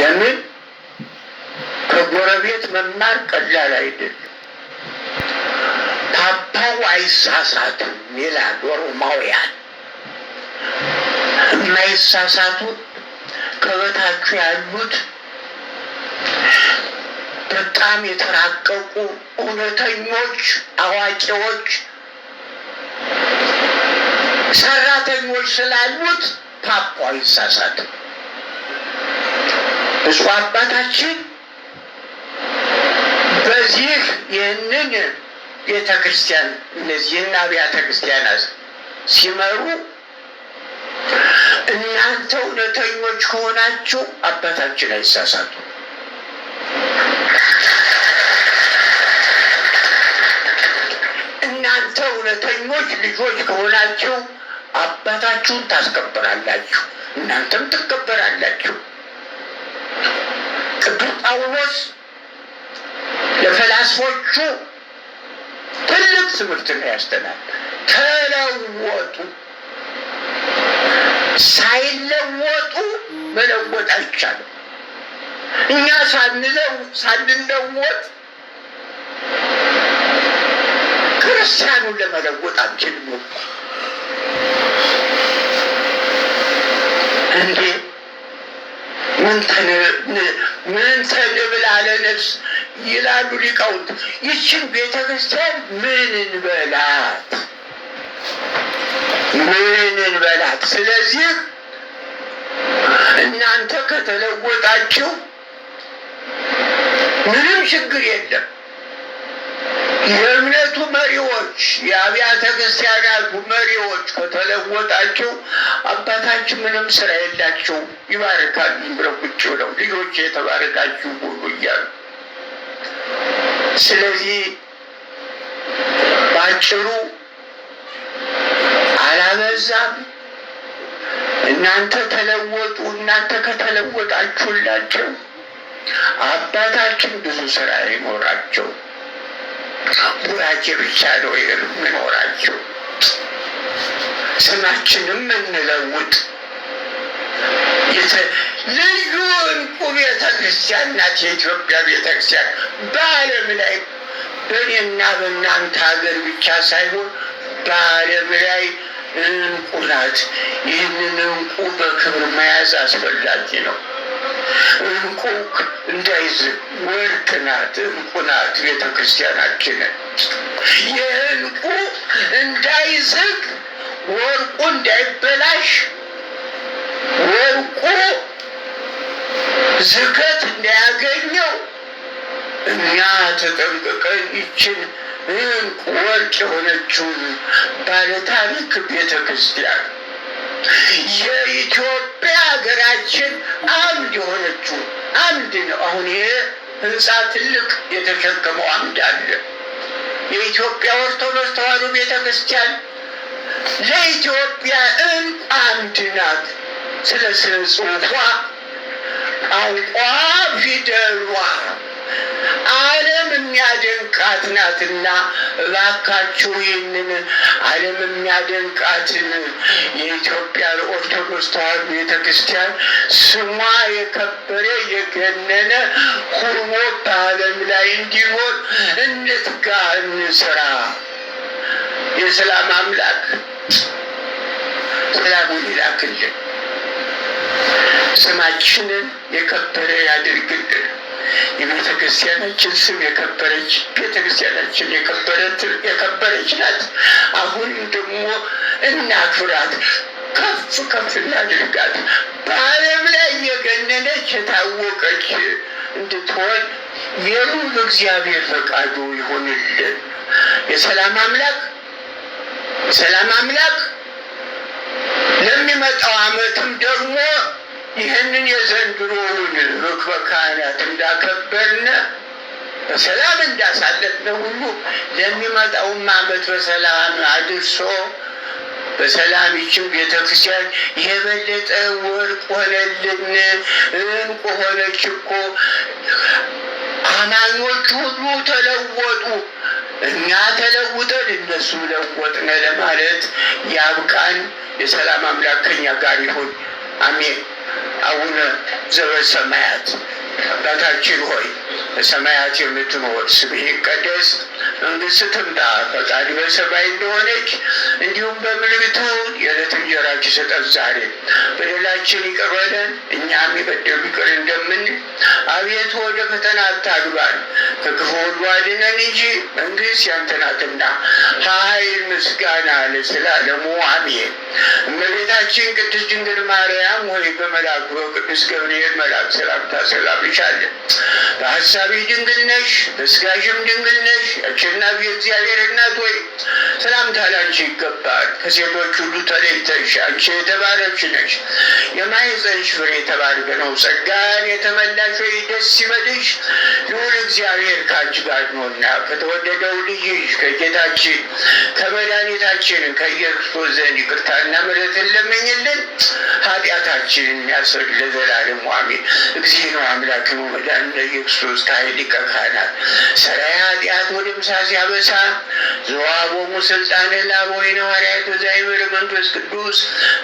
ለምን ከጎረቤት መማር ቀላል አይደለም። ፓፓው አይሳሳቱም ይላል ሮማውያን። የማይሳሳቱት ከበታችሁ ያሉት በጣም የተራቀቁ እውነተኞች አዋቂዎች ሰራተኞች ስላሉት ፓፓው አይሳሳትም። እሱ አባታችን በዚህ ይህንን ቤተ ክርስቲያን እነዚህን አብያተ ክርስቲያናት ሲመሩ እናንተ እውነተኞች ከሆናችሁ አባታችን አይሳሳቱ። እናንተ እውነተኞች ልጆች ከሆናችሁ አባታችሁን ታስከብራላችሁ፣ እናንተም ትከበራላችሁ። ጳውሎስ ለፈላስፎቹ ትልቅ ትምህርት ነው ያስተናል። ተለወጡ። ሳይለወጡ መለወጥ አይቻልም። እኛ ሳንለወጥ ክርስቲያኑን ለመለወጥ አንችልም። እንዴ ምን ምን ተንብል አለ ነፍስ ይላሉ ሊቃውንት። ይችን ቤተ ክርስቲያን ምን እንበላት? ምን እንበላት? ስለዚህ እናንተ ከተለወጣችሁ ምንም ችግር የለም። የእምነቱ መሪዎች የአብያተ ክርስቲያናቱ መሪዎች ከተለወጣቸው አባታችን ምንም ስራ የላቸው ይባርካሉ ብለው ቁጭ ብለው ልጆች የተባረካችሁ ሁሉ እያሉ ስለዚህ ባጭሩ አላበዛም። እናንተ ተለወጡ። እናንተ ከተለወጣችሁላቸው አባታችን ብዙ ስራ ይኖራቸው ቡራኬ ብቻ ነው የምኖራችሁ። ስማችንም እንለውጥ። ልዩ እንቁ ቤተ ክርስቲያን ናት የኢትዮጵያ ቤተ ክርስቲያን። በዓለም ላይ በእኔና በእናንተ ሀገር ብቻ ሳይሆን በዓለም ላይ እንቁ ናት። ይህንን እንቁ በክብር መያዝ አስፈላጊ ነው። እንቁ እንዳይዝ ወርቅ ናት፣ እንቁ ናት ቤተ ክርስቲያናችን። የእንቁ እንዳይዝግ ወርቁ እንዳይበላሽ ወርቁ ዝገት እንዳያገኘው እኛ ተጠንቅቀን ይችን እንቁ ወርቅ የሆነችውን ባለታሪክ ቤተ ክርስቲያን የኢትዮጵያ ሀገራችን አንድ የሆነችው አንድ ነው። አሁን ይሄ ህንፃ ትልቅ የተሸከመው አምድ አለ። የኢትዮጵያ ኦርቶዶክስ ተዋሕዶ ቤተ ክርስቲያን ለኢትዮጵያ እንቁ አንድ ናት። ስለ ስነ ጽሑፏ ቋንቋ ፊደሏ ዓለም የሚያደንቃት ናትና እባካችሁ ይህንን ዓለም የሚያደንቃትን የኢትዮጵያን ኦርቶዶክስ ተዋሕዶ ቤተ ክርስቲያን ስሟ የከበረ የገነነ ሆኖ በዓለም ላይ እንዲኖር እንትጋ፣ እንስራ። የሰላም አምላክ ሰላሙን ይላክልን፣ ስማችንን የከበረ ያድርግልን። የቤተ ክርስቲያናችን ስም የከበረች ቤተ ክርስቲያናችን የከበረች ናት። አሁን ደግሞ እናክብራት፣ ከፍ ከፍ እናድርጋት። በዓለም ላይ የገነነች የታወቀች እንድትሆን የሩብ እግዚአብሔር ፈቃዱ ይሆንልን። የሰላም አምላክ የሰላም አምላክ ለሚመጣው ዓመትም ደግሞ ይህንን የዘንድሮውን ርክበ ካህናት እንዳከበርነ በሰላም እንዳሳለፍነ ሁሉ ለሚመጣውም ዓመት በሰላም አድርሶ በሰላም ይችም ቤተክርስቲያን የበለጠ ወርቅ ሆነልን፣ እንቁ ሆነች እኮ። አማኞች ሁሉ ተለወጡ፣ እኛ ተለውጠን እነሱ ለወጥነ ለማለት ያብቃን። የሰላም አምላክ ከኛ ጋር ይሁን። አሜን። አቡነ ዘበሰማያት አባታችን ሆይ በሰማያት የምትኖር ስምህ ይቀደስ፣ መንግሥትህ ትምጣ፣ ፈቃድ በሰማይ እንደሆነች እንዲሁም በምድር ትሁን። የዕለት እንጀራችንን ስጠን ዛሬ፣ በደላችን ይቅር በለን እኛም የበደሉንን ይቅር እንደምንል አቤቱ ወደ ፈተና አታግባን ከክፉ ሁሉ አድነን እንጂ መንግስት ያንተ ናትና ኃይል፣ ምስጋና ለዘላለሙ አሜን። እመቤታችን ቅድስት ድንግል ማርያም ሆይ በመልአኩ በቅዱስ ገብርኤል መልአክ ሰላምታ ሰላምልሻለን። በሀሳቢ ድንግል ነሽ፣ በስጋሽም ድንግል ነሽ። አሸናፊ እግዚአብሔር እናት ሆይ ሰላምታ ላንቺ ይገባል። ከሴቶች ሁሉ ተለይተሽ አንቺ የተባረክሽ ነሽ። የማኅፀንሽ ፍሬ የተባረከ ነው። ጸጋን የተመላሽ ነፍሴ ደስ ይበልሽ፣ ይሁን እግዚአብሔር ከአንቺ ጋር ነውና ከተወደደው ልጅሽ ከጌታችን ከመድኃኒታችን ከኢየሱስ ዘንድ ይቅርታና ምሕረትን ለመኝልን ኃጢአታችንን ያስር ለዘላለም አሜን። እግዚእነ አምላክነ መድኃኒነ ኢየሱስ ከኃይል ይቀካናል ሰራይ ኃጢአት ወደ ሲያበሳ ዘዋቦሙ ስልጣን ላቦ ነዋርያቶ ዘይብር መንፈስ ቅዱስ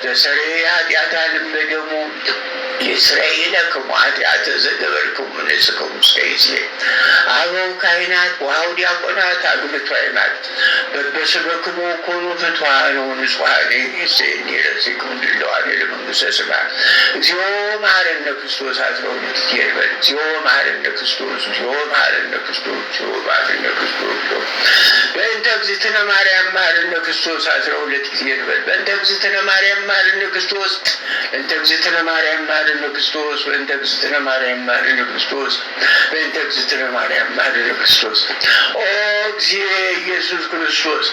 ዘሰሬ ኃጢአታንም በደሙ Israel kan wa ta ta zada አበው ካህናት ውሃው ዲያቆናት አሉ ህቷይናት በበስበክቦ ኮኑ ህቷ የሆኑ ጽሀኔ ሴኒ ረዚቅ እንድለዋል ለመንግስተ ሰማያት እግዚኦ መሐረነ ክርስቶስ አስረው ልትሄድበል እግዚኦ መሐረነ ክርስቶስ እግዚኦ መሐረነ ክርስቶስ እግዚኦ መሐረነ ክርስቶስ በእንተ እግዝእትነ ማርያም መሐረነ ክርስቶስ አስራ ሁለት ጊዜ ልበል በእንተ እግዝእትነ ማርያም መሐረነ ክርስቶስ በእንተ እግዝእትነ ማርያም መሐረነ ክርስቶስ በእንተ እግዝእትነ ማርያም መሐረነ ክርስቶስ በእንተ እግዝእትነ ማርያም መድኃኒተ ክርስቶስ ኦ እግዚእ ኢየሱስ ክርስቶስ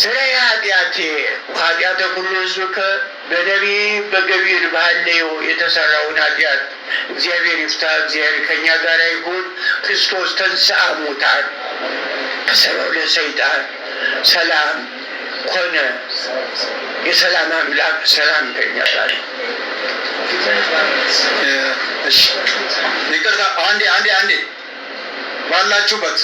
ስለ ኃጢአቴ ኃጢአተ ኩሉ ሕዝብከ በነቢ በገቢር ባህሌው የተሰራውን ኃጢአት እግዚአብሔር ይፍታ። እግዚአብሔር ከእኛ ጋር ይሁን። ክርስቶስ ተንሥአ እሙታን ከሰበብ ለሰይጣን ሰላም ኮነ። የሰላም አምላክ ሰላም ከእኛ ጋር ይቅርታ አንዴ አንዴ አንዴ ባላችሁበት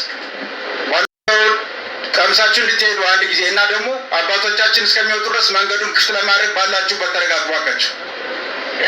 ቀምሳችሁ እንድትሄዱ አንድ ጊዜ እና ደግሞ አባቶቻችን እስከሚወጡ ድረስ መንገዱን ክፍት ለማድረግ ባላችሁበት ተረጋግባካችሁ